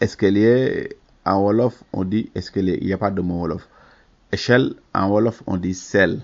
escalier en wolof on di escalier il n'y a pas de mot en wolof on di selle